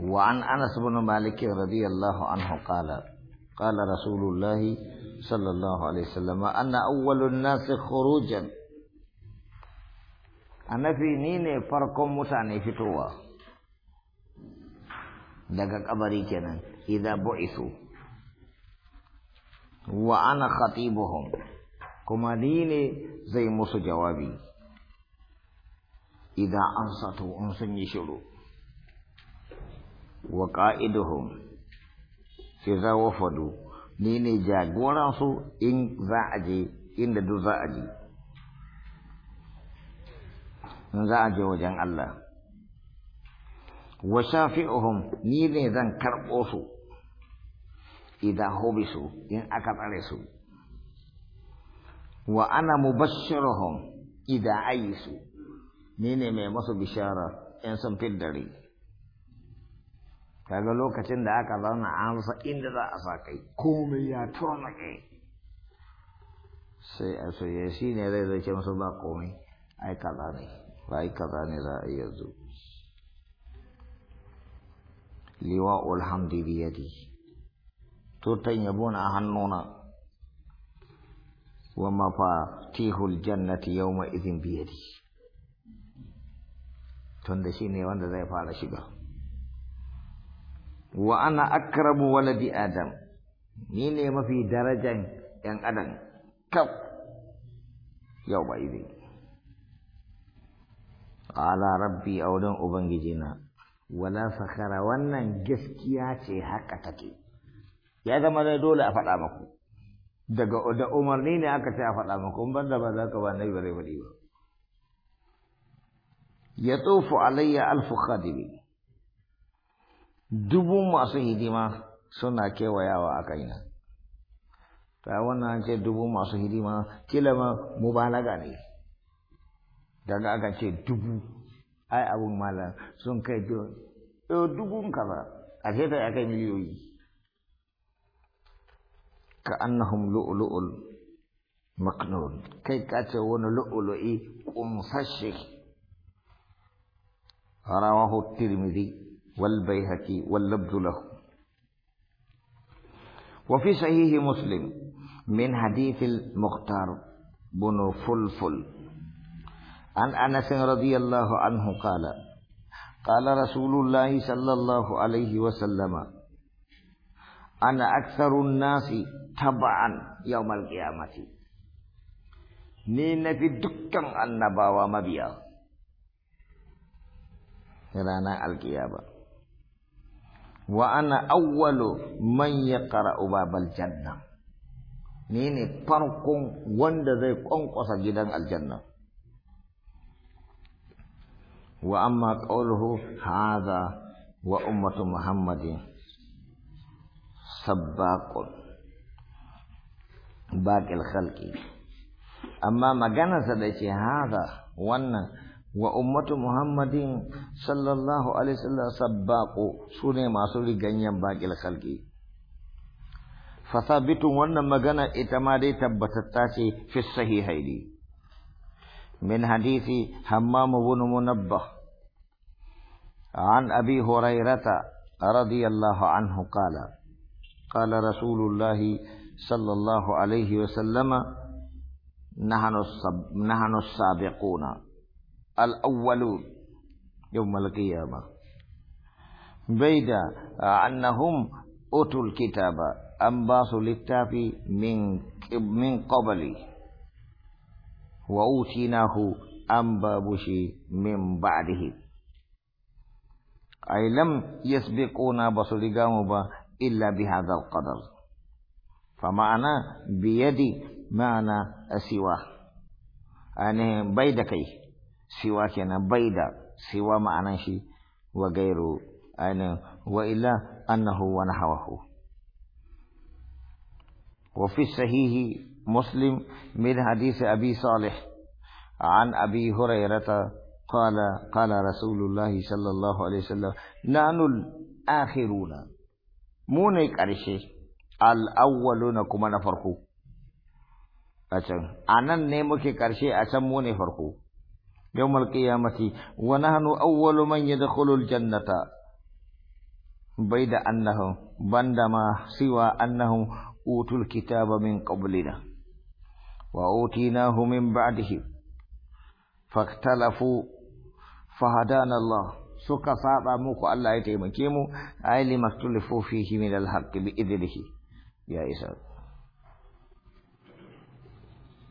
وعن أنس بن مالك رضي الله عنه قال قال رسول الله صلى الله عليه وسلم أنا أول الناس خروجا أنا في نين فرقم مساني في توا دقق كنا إذا بعثوا وأنا خطيبهم كما دين زي موسى جوابي إذا أنصتوا أنصني شروع wa qa'iduhum sai za wafadu ni ne jagoran su in za a je inda in za wajen Allah wa shafi'uhum ni ne zan karɓo su idan hobisu in aka tsare su wa ana mubashshiruhum idan ayisu ni ne mai masu bishara in sun fiddare kaga lokacin da aka zauna an rasa inda za a sa kai komai ya tona kai sai a soye eh, shi ne zai zai ce masu ba komai ai kaza ne ba ai kaza ne za a iya zo liwa ulhamdi tutan yabo na hannuna wa tihul jannati yawma idhin biyadi tunda shine wanda zai fara shiga wa ana akramu waladi adam ni ne mafi darajan yan adam kaf yau ba idai Ala rabbi audan ubangijina wala sakara wannan gaskiya ce haka take ya zama da dole a faɗa maku daga da umarni ne aka ce a faɗa maku Ban da ba za ka ba nabi bare bare ba ya tsofu alayya alfu khadimi dubu masu hidima suna kewayawa a kaina ta wannan ce dubu masu hidima kila ma mubalaga ne daga aka ce dubu ai abun mala sun kai dubun kaza a ce ta kai miliyoyi ka annahum lu'lu'ul maknun kai ka ce wani lu'lu'i kumfashe rawahu tirmidhi والبيهكي واللبد له وفي صحيح مسلم من حديث المختار بن فلفل عن أنس رضي الله عنه قال قال رسول الله صلى الله عليه وسلم أنا أكثر الناس تبعا يوم القيامة نين في دكم النبا ومبيا رانا القيامه wa ana awwalu man yaqra'u babal janna ni ne farkon wanda zai kwankwasa gidan aljanna wa amma qawluhu hadha wa ummatu muhammadin sabbaqun baqil khalqi amma maganarsa da ce hadha wannan وأمة محمد صلى الله عليه وسلم سباق سنة ما سوري غنيا باقي الخلق فثابت وانا مغانا اتمادي تبتتاتي في الصحيحين من حديث حمام بن منبه عن أبي هريرة رضي الله عنه قال قال رسول الله صلى الله عليه وسلم نحن السابقون الأولون يوم القيامة بيد آه، أنهم أوتوا الكتاب أن باسوا للتافي من من قبل وأوتيناه أن من بعده أي لم يسبقونا بصدقامبا إلا بهذا القدر فمعنى بيدي معنى سواه أن بيدكي siwa kenan bai da siwa ma'anan shi wa gairu ainihin wa illa annahu wa nahawahu wa fi sahihi muslim min hadisi abi salih an abi hurairata قال قال رسول الله صلى الله عليه وسلم نحن الآخرون mu ne ƙarshe al'awwalu na kuma na farko a can a nan ne muke ƙarshe a can mu ne farko يوم القيامة ونحن أول من يدخل الجنة بيد أنهم بندما سوى أنهم أوتوا الكتاب من قبلنا وأوتيناه من بعده فاختلفوا فهدانا الله سكا صعبا موكو الله يتيمكيمو أي لما اختلفوا فيه من الحق بإذنه يا إسحاق